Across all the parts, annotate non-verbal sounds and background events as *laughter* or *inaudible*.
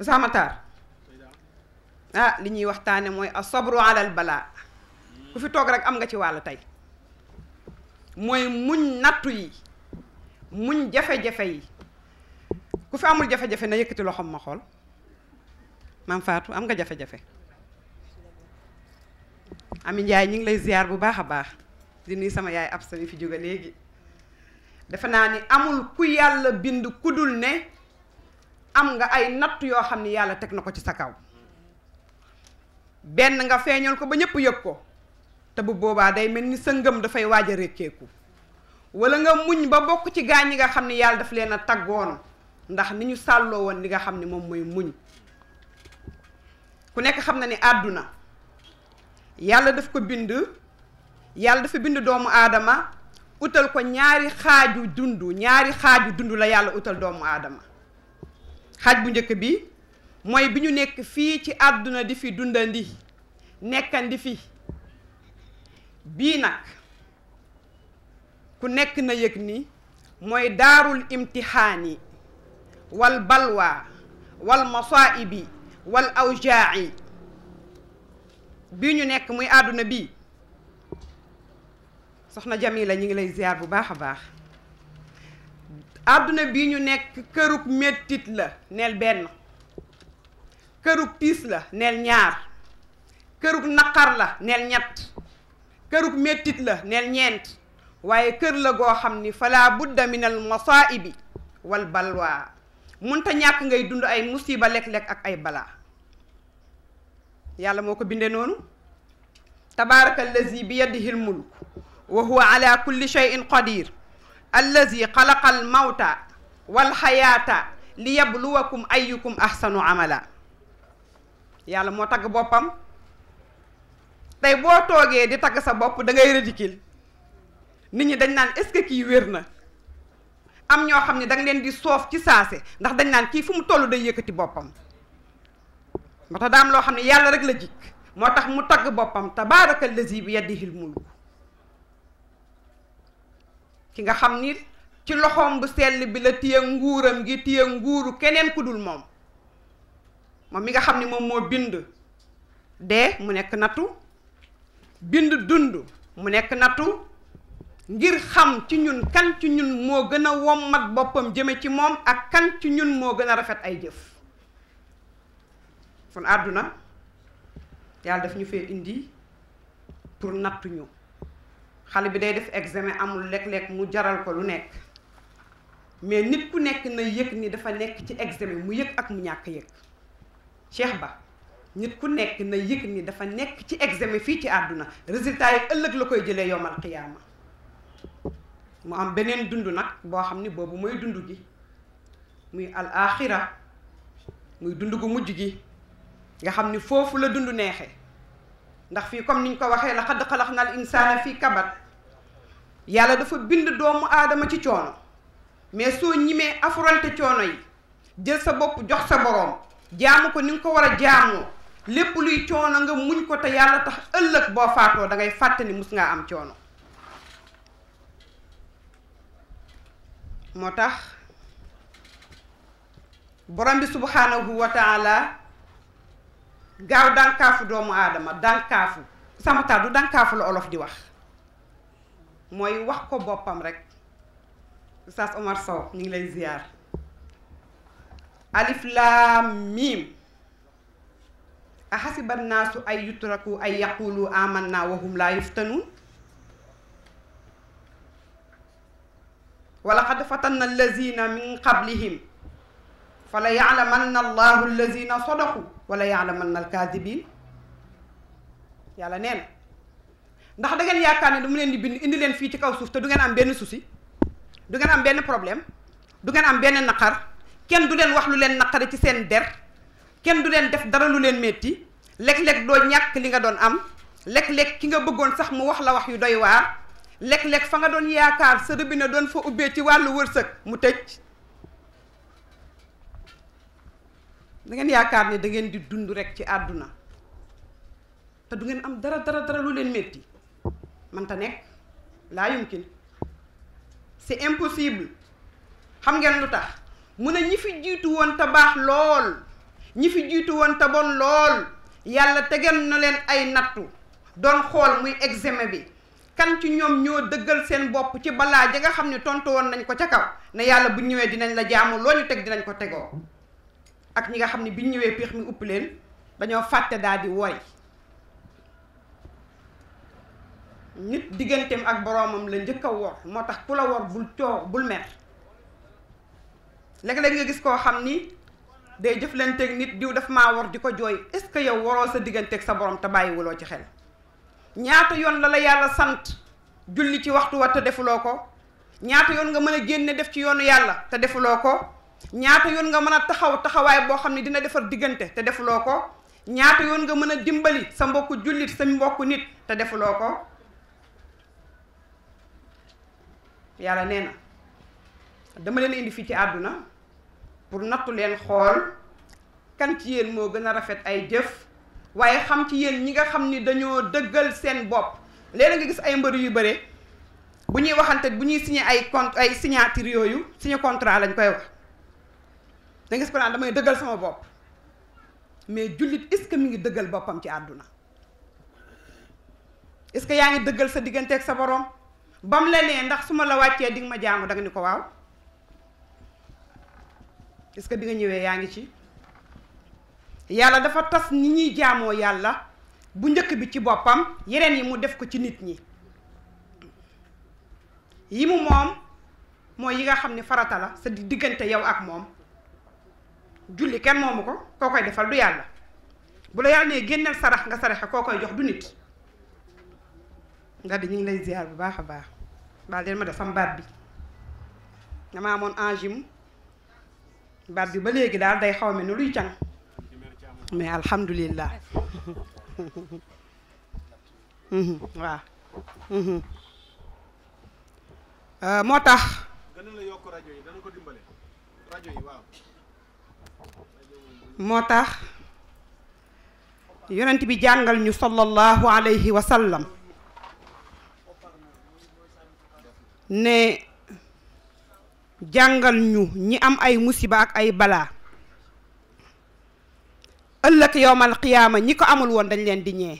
Samatar ah li ñuy waxtaane mooy a alal balaa ku fi toog rek am nga ci wàll tey mooy muñ nattu yi muñ jafe-jafe yi ku fi amul jafe-jafe na yëkkati loxoom ma xool maam Fatou am nga jafe-jafe Ami Njaay ñu ngi lay ziar bu baax a baax di nuyu sama yaay ab sami fi jóge léegi defe naa ni amul ku yàlla bind ku dul ne am nga ay natt yoo xam ne yàlla teg na ko ci sa kaw benn nga feeñal ko ba ñëpp yëg ko te bu boobaa day mel ni sa ngëm dafay waaj a rekkeeku wala nga muñ ba bokk ci gaañ yi nga xam ne yàlla daf leen a taggoon ndax ni ñu sàlloo woon li nga xam ne moom mooy muñ ku nekk xam na ni àdduna yàlla daf ko bind yàlla dafa bind doomu aadama wutal ko ñaari xaaju dund ñaari xaaju dundu la yàlla utal doomu aadama xaj bu njëkk bi mooy bi ñu nekk fii ci àdduna di fi dundandi nekkandi fi bii nag ku nekk na yëg ni mooy daarul imtihaani wal balwa wal masaa'ibi wal awjaa'i bii ñu nekk muy àdduna bi soxna Jamila ñu ngi lay ziar bu baax a baax àdduna bi ñu nekk kërug mettit la neel benn kërug tiis la neel ñaar kërug naqar la neel ñett kërug mettit la neel ñeent waaye kër la goo xam ni fala budda min al masaibi wal balwa munta ñàkk ngay dund ay musiba lekk-lekk ak ay balaa yàlla moo ko bindee noonu tabaraka allazi bi yadihi al mulk wa huwa ala kulli shay'in allazi xalaqa al mawta wal xayaata li lu yabluwakum ayyukum ahsanu amala yàlla moo tagg boppam tey boo toogee di tagg sa bopp da ngay ridicule nit ñi dañ naan est-ce kii wér na am ñoo xam ne danga leen di soof ci saase ndax dañ naan kii fu mu toll day yëkkati boppam moo tax daam loo xam ne yàlla rek la jikk moo tax mu tagg boppam tabaaraka allazi bi yadihi l mulk ki nga xam ni ci loxoom bu sell bi la téye nguuram gi téye nguuru keneen kudul moom moom mi nga xam ni moom moo bind de mu nekk nattu bind dund mu nekk nattu ngir xam ci ñun kan ci ñun moo gën a wommat boppam jëme ci moom ak kan ci ñun moo gën a rafet ay jëf kon àdduna yàlla daf ñu fee indi pour nattuñu xale bi day def examen amul lekk-lekk mu jaral ko lu nekk mais nit ku nekk na yëg ni dafa nekk ci examen mu yëg ak mu ñàkk yëg Cheikh Ba nit ku nekk na yëg ni dafa nekk ci examen fii ci àdduna résultat yi ëllëg la koy jëlee yomal xiyaama mu am beneen dund nag boo xam ni boobu mooy dund gi muy al muy dund gu mujj gi nga xam ni foofu la dund neexee ndax fii comme ni ñu ko waxee la xadd xalax nal insaana fii kabat yàlla dafa bind doomu aadama ci coono mais soo ñimee affronté coono yi jël sa bopp jox sa boroom jaamu ko ni nga ko war a jaamoo lépp luy coono nga muñ ko te yàlla tax ëllëg boo faatoo dangay fàttani fàtte mus ngaa am coono moo tax borom bi subhaanahu wa taala gaaw dànkaafu doomu aadama dànkaafu samata du dànkaafu la olof di wax mooy wax ko boppam rek Oustaz Omar Sow ñu ngi lay ziar alif laam miim axasiba annaasu ay yutraku ay yaqulu amanna wahum laa yuftanuun wa laqad fatanna allazina min qablihim fa la yaalamanna allahu alladina sadaqu wala yaalamanna alkaadibin yàlla nee ndax da ngeen yaakaar ne dama leen di bind indi leen fii ci kaw suuf te du ngeen am benn suusi du ngeen am benn problème du ngeen am benn naqar kenn du leen wax lu leen naqari ci seen der kenn du leen def dara lu leen métti léeg-léeg doo ñàkk li nga doon am léeg-léeg ki nga bëggoon sax mu wax la wax yu doy waar léeg lekk fa nga doon yaakaar sa robinet doon fa ubbee ci wàllu wërsëg mu tëj da ngeen yaakaar ni da ngeen di dund rek ci àdduna te du ngeen am dara dara dara lu leen métti man ta nekk laa yumkin c'est impossible xam ngeen lu tax mu ne ñi fi jiitu woon te baax lool ñi fi jiitu woon te bon lool yàlla tegal na leen ay nattu doon xool muy examen bi kan ci ñoom ñoo dëggal seen bopp ci balaa ja nga xam ne tontu woon nañ ko ca kaw ne yàlla bu ñëwee dinañ la jaamu loo ñu teg dinañ ko tegoo ak nga xam ne biñ ñëwee piix mi upp leen dañoo fàtte daal di wori nit digganteem ak boroomam la njëkk a wor moo tax ku la wor bul coow bul mer léeg-léeg nga gis koo xam ni day jëflanteeg nit diw daf ma wor di ko jooy est-ce que yow waroo sa digganteeg sa borom te bàyyiwuloo ci xel ñaata yoon la la yàlla sant julli ci waxtu wa te defuloo ko ñaata yoon nga mën a génne def ci yoonu yàlla te defuloo ko ñaata yoon nga mën a taxaw taxawaay boo xam ne dina defar diggante te defuloo ko ñaata yoon nga mën a dimbali sa mbokku jullit sa mbokk nit te defuloo ko yàlla nee dama leen indi fii ci àdduna pour nattu leen xool kan ci yéen moo gën a rafet ay jëf waaye xam ci yéen ñi nga xam ni dañoo dëggal seen bopp léeg nga gis ay mbër yu bare bu ñuy waxante bu ñuy signé ay con ay signature yooyu signé contrat lañ koy wax da nga gis ko naan damay dëggal sama bopp mais jullit est-ce que mi ngi dëggal boppam ci àdduna est-ce que yaa ngi dëggal sa digganteeg sa borom ba mu la nee ndax su ma la wàccee di nga ma jaamu danga ni ko waaw est que bi nga ñëwee yaa ngi ci yàlla dafa tas ni ñuy jaamoo yàlla bu njëkk bi ci boppam yeneen yi mu def ko ci nit ñi yi mu moom mooy yi nga xam ne farata la sa diggante yow ak moom julli kenn moomu ko koo koy defal du yàlla bu la yàlla nee génneel sarax nga saraxe koo koy jox du nit nga di ñu lay ziar bu baax a baax baal leen ma def sam baat bi dama amoon angime baat bi ba léegi daal day xaw me ni luy can mais alhamdulillah mhm, waaw mhm. Euh, moo tax a la yokk moo tax yonent bi jàngal ñu sallallahu alayhi wa ne jàngal ñu ñi am ay musiba ak ay balaa ëllëg yowmal qiyaama ñi ko amul woon dañ leen di ñee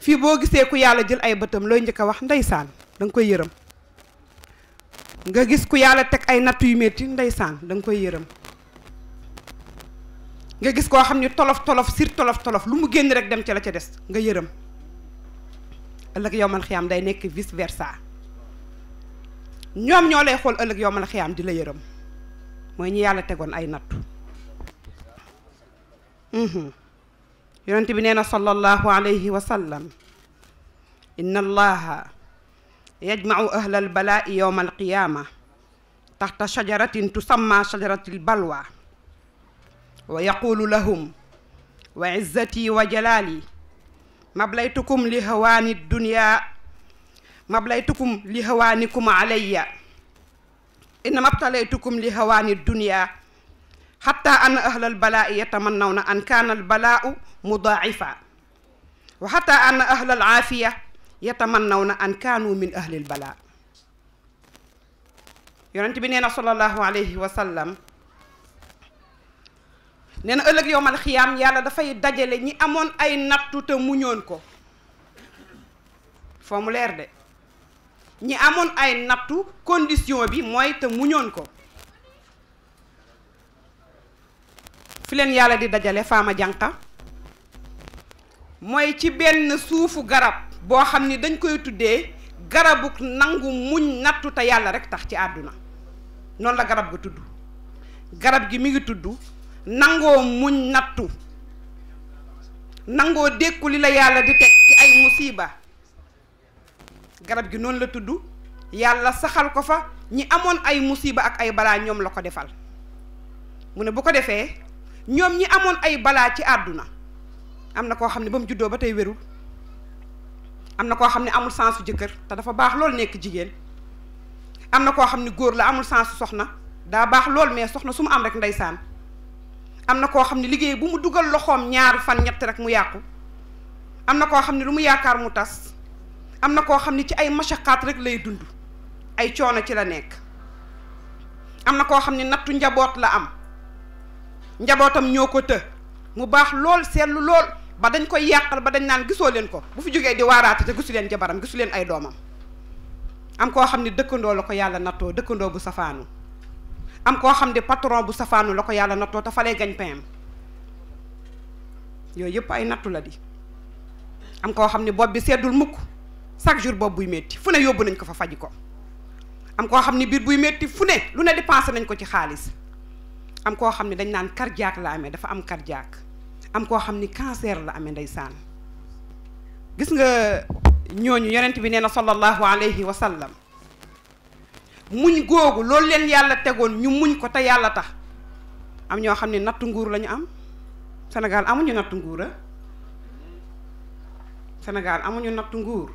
fii boo gisee ku yàlla jël ay bëtam looy njëkk a wax ndeysaan da koy yërëm nga gis ku yàlla teg ay natt yu metti ndeysaan saan danga koy yërëm nga gis koo xam ne tolof tolof sir tolof tolof lu mu génn rek dem ca la ca des nga yërëm ëllëg yowmal xiyaam day nekk vice versa ñoom ñoo lay xool ëllëg yowmal xiyaam di la yërëm mooy ñi yàlla tegoon ay nattu mhm. yonent bi nee na sallallahu alayhi wa sallam inna yajmau ahla albalaa'i yowma alqiyaama taxta shajaratin tusamma shajarati albalwa wa yaqulu lahum wa izzati wa jalaali mablaytukum li hawaani dunya mablaytukum li hawaanikum alayya innama btalaytukum li hawaani dunya xatta ana ahla albalaa'i yatamannawna an kaana albalaa'u mudaa'ifa wa xatta ana ahla alaafiya naw na an kaanu min ahlil balaa yonent bi nee na sallallahu alayhi wa sallam nee na ëllëg yowmal xiyaam yàlla dafay dajale ñi amoon ay nattu te muñoon ko foo leer de ñi amoon ay nattu condition bi mooy te muñoon ko fi leen yàlla di dajale faama jànqa mooy ci benn suufu garab boo xam ni dañ koy tuddee garabu nangu muñ nattu te yàlla rek tax ci àdduna noonu la garab ga tudd garab gi mi ngi tudd nangoo muñ nattu nangoo dékku li la yàlla di teg ci ay musiba garab gi noonu la tudd yàlla saxal ko fa ñi amoon ay musiba ak ay balaa ñoom la ko defal mu ne bu ko defee ñoom ñi amoon ay balaa ci àdduna am na koo xam ne ba mu juddoo ba tey wérul am na koo xam ne amul sensu jëkkër te dafa baax lool nekk jigéen am na koo xam ne góor la amul sensu soxna daa baax lool mais soxna su mu am rek ndeysaan am na koo xam ne liggéey bu mu dugal loxoom ñaari fan ñett rek mu yàqu am na koo xam ne lu mu yaakaar mu tas am na koo xam ne ci ay machaqaat rek lay dund ay coono ci la nekk am na koo xam ne nattu njaboot la am njabootam ñoo ko të mu baax lool seetlu lool ba dañ koy yàqal ba dañ naan gisoo leen ko bu fi jógee di waaraate te gisu leen jabaram gisu leen ay doomam am koo xam ne dëkkandoo la ko yàlla nattoo dëkkandoo bu safaanu am koo xam ne patron bu safaanu la ko yàlla nattoo te falee gañ pem yooyu yëpp ay nattu la di am koo xam ne bopp bi seddul mukk chaque jour bopp buy métti fu ne yóbbu nañ ko fa faji ko am koo xam ne biir buy métti fu ne lu ne dépensé nañ ko ci xaalis am koo xam ne dañ naan cardiaque la amee dafa am cardiaque am koo xam ni cancer la amee ndey ndeysaan gis nga ñooñu yonent bi nee na sallallahu alayhi wa sallam muñ googu loolu leen yàlla tegoon ñu muñ ko te yàlla tax am ñoo xam ne natt nguur lañu am Sénégal amuñu natt nguur a ah. Sénégal amuñu natt nguur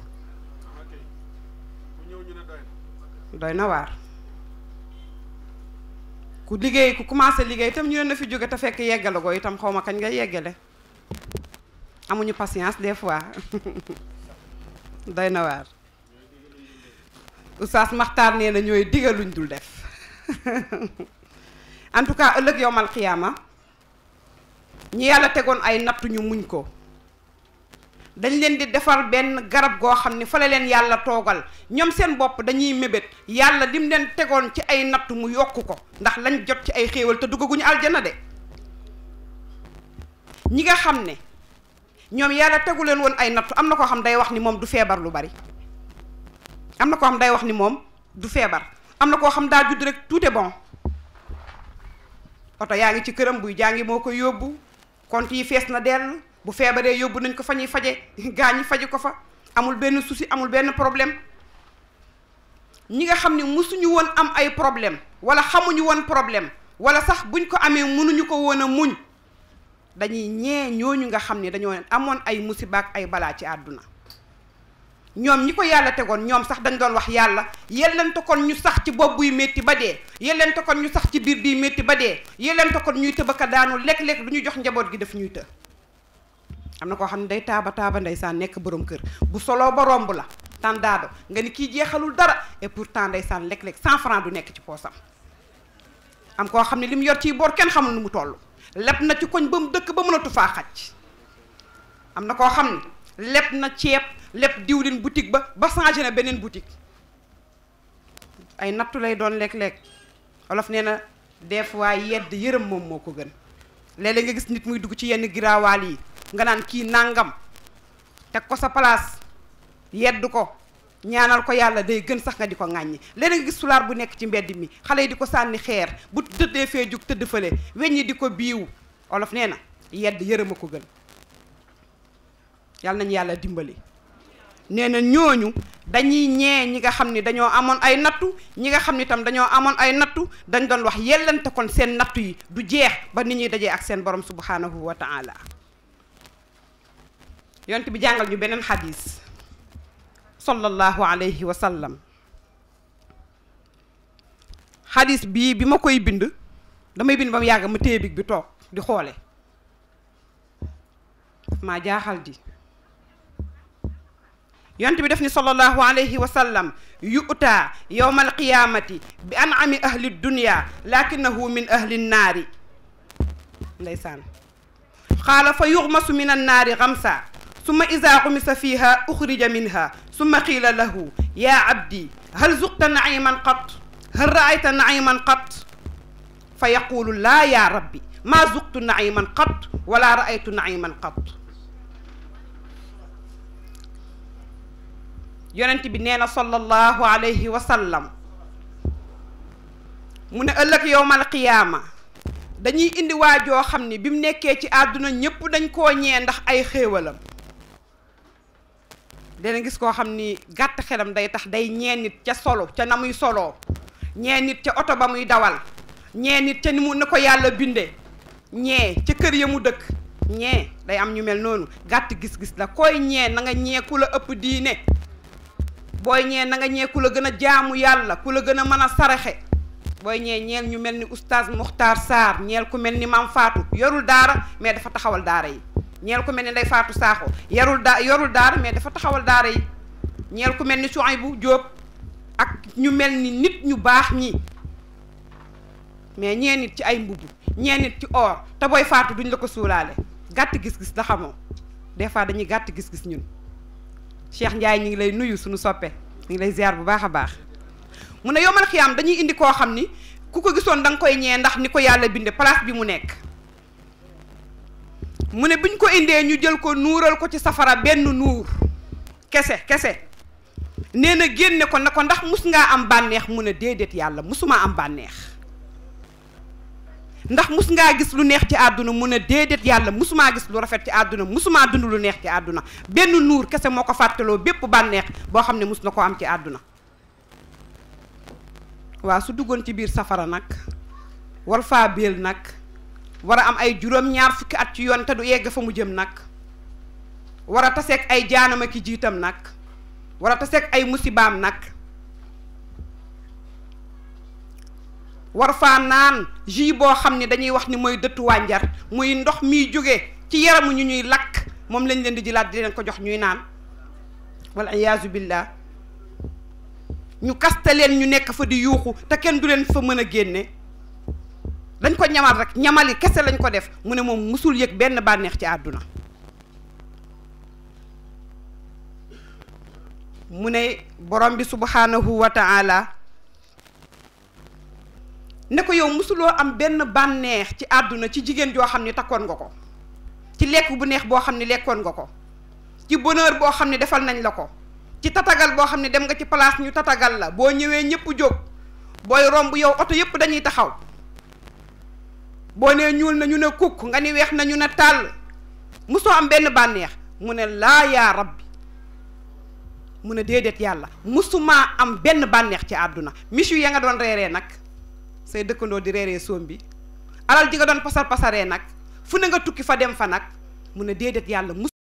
doy na waar ku liggéey ku commencé liggéey itam ñu ne na fi jóge te fekk yeggale ko itam xaw ma kañ nga yeggale amuñu patience des fois *laughs* doy na waar oustaz maxtaar nee na ñooy digal luñ dul def *laughs* en tout cas ëllëg yowmal xiyaama ñi yàlla tegoon ay nattu ñu muñ ko dañ leen di defar benn garab goo xam ni fa leen yàlla toogal ñoom seen bopp dañuy mébét yàlla lim leen tegoon ci ay nattu mu yokk ko ndax lañ jot ci ay xéewal te duggaguñu aljana de ñi nga xam ne ñoom yàlla tegu leen woon ay nattu am na koo xam day wax ni moom du feebar lu bari am na koo xam day wax ni moom du feebar am na koo xam daa judd rek tout est bon oto yaa ngi ci këram buy jàngi moo ko yóbbu kont yi fees na dell bu feebaree yóbbu nañ ko fa ñuy faje gaa ñi faje ko fa amul benn souci amul benn problème ñi nga xam ne musuñu woon am ay problème wala xamuñu woon problème wala sax buñ ko amee mënuñu ko woon a muñ dañuy ñee ñu nga xam ni dañoo amoon ay musiba ak ay balaa ci àdduna ñoom ñi ko yàlla tegoon ñoom sax dañ doon wax yàlla yellente kon ñu sax ci bopp buy métti ba dee yellente kon ñu sax ci biir biy métti ba dee yellente kon ñuy tëbaka daanu lekk-lekk du ñu jox njaboot gi daf ñuy të am na koo xam ne day taaba taaba saan nekk boroom kër bu soloo ba romb la tàndaado nga ni kii jeexalul dara et pourtant ndeysaan lekk-lekk cent franc du nekk ci poosam am koo xam ne li mu yor ciy boor kenn xamul nu mu toll leb na ci koñ ba mu dëkk ba mënatu faa am na koo xam ne leb na ceeb leb diwlin boutique ba ba changé na beneen boutique ay nattu lay doon lekk-lekk olof nee na des fois yedd yërëm moom moo ko gën léeg-léeg nga gis nit muy dugg ci yenn giraawaal yi nga naan kii nangam teg ko sa palaas yedd ko ñaanal ko yàlla day gën sax nga di ko ŋàññi léeg nga gis fulaar bu nekk ci mbedd mi xale yi di ko sànni xeer bu tëddee fee jug tëdd fële weññi di ko biiw olof nee na yedd yërëm a ko gën yàlla nañ yàlla dimbali nee na ñooñu dañuy ñee ñi nga xam ni dañoo amoon ay nattu ñi nga xam ni tam dañoo amoon ay nattu dañ doon wax yellante kon seen nattu yi du jeex ba nit ñuy dajee ak seen borom subhanahu wa ta'ala yonent bi jàngal ñu beneen xadis sallallahu alayhi wa sallam bii bi ma koy bind damay bind ba mu yàgg ma téye bi toog di xoole maa jaaxal di yonent bi def ni sallallahu alayhi wa sallam yu'taa yowma alqiyamati bi anami ahli dunia lakinahu min ahli naari ndeysaan xaala fa yuxmasu min annaari xamsa summa ida xumisa fiiha uxrija minha summa qiila lahu yaa abdi hal zuqta naiman qat hal raayta naiman qat fa yaqulu laa yaa rabbi maa zuqtu naiman qat wala raaytu naiman qat yonent bi nee na sallallahu alayhi wa sallam mu ne ëllëg yowmal qiyaama dañuy indi waajoo xam ni bi mu nekkee ci àdduna ñépp dañ koo ñee ndax ay xéewalam dana gis koo xam ni gàtt xelam day tax day ñee nit ca solo ca na muy solo ñee nit ca oto ba muy dawal ñee nit ca ni mu na ko yàlla binde ñee ca kër ya mu dëkk ñee day am ñu mel noonu gàtt gis-gis la koy ñee na nga ñee ku la ëpp diine booy ñee na nga ñee ku la gën a jaamu yàlla ku la gën a mën a saraxe booy ñee ñeel ñu mel ni oustaz Mokhtar Sarr ñeel ku mel ni Mame Fatou yorul daara mais dafa taxawal daara yi ñeel ku mel ni Ndeye faatu Sakho yarul daa yorul daar mais dafa taxawal daara yi ñeel ku mel ni bu jóob ak ñu mel ni nit ñu baax ñi mais ñee nit ci ay mbubb ñee nit ci or te booy faatu duñ la ko suulaale gàtt gis-gis da xamoo des fois dañuy gàtt gis-gis ñun Cheikh Ndiaye ñu ngi lay nuyu suñu soppee ñu ngi lay ziar bu baax a baax mun ne yomal xiyaam dañuy indi koo xam ni ku ko gisoon da nga koy ñee ndax ni ko yàlla binde place bi mu nekk mu ne biñ ko indee ñu jël ko nuural ko ci safara benn nuur kese kese nee na génne ko na ko ndax mus ngaa am bànneex mu ne déedéet yàlla musuma am bànneex ndax mus ngaa gis lu neex ci àdduna mu ne déedéet yàlla musumaa gis lu rafet ci àdduna musumaa dund lu neex ci àdduna benn nuur kese moo ko fàttaloo bépp bànneex boo xam ne mus na ko am ci àdduna waa su duggoon ci biir safara nag wal nag war a am ay juróom-ñaar fukki at ci yoon te du yegg fa mu jëm nag war a taseeg ay jaanama ki jiitam nag war a taseeg ay musibaam nag war faa naan jus boo xam ne dañuy wax ni mooy dëttu wànjar muy ndox miy jóge ci yaramu ñu ñuy lakk moom lañ leen di jëlaat di leen ko jox ñuy naan wal iyaazu billah ñu kaste leen ñu nekk fa di yuuxu te kenn du leen fa mën a génne dañ ko ñamal rek ñamali kese lañ ko def mu ne moom musul yëg benn bànneex ci àdduna mu ne borom bi subhaanahu wa taala ne ko yow musuloo am benn bànneex ci àdduna ci jigéen joo xam ne takkoon nga ko ci lekk bu neex boo xam ne lekkoon nga ko ci bonheur boo xam ne defal nañ la ko ci tatagal boo xam ne dem nga ci place ñu tatagal la boo ñëwee ñëpp jóg booy romb yow oto yëpp dañuy taxaw boo nee ñuul na ñu ne kukk nga ni weex na ñu ne tàll mosoo am benn bànneex mu ne laa yaa rabbi mu ne déedéet yàlla mosumaa am benn bànneex ci àdduna michu yaa nga doon reeree nag say dëkkandoo di reere soom bi alal di nga doon pasar pasaree nag fu ne nga tukki fa dem fa nag mu ne déedéet yàlla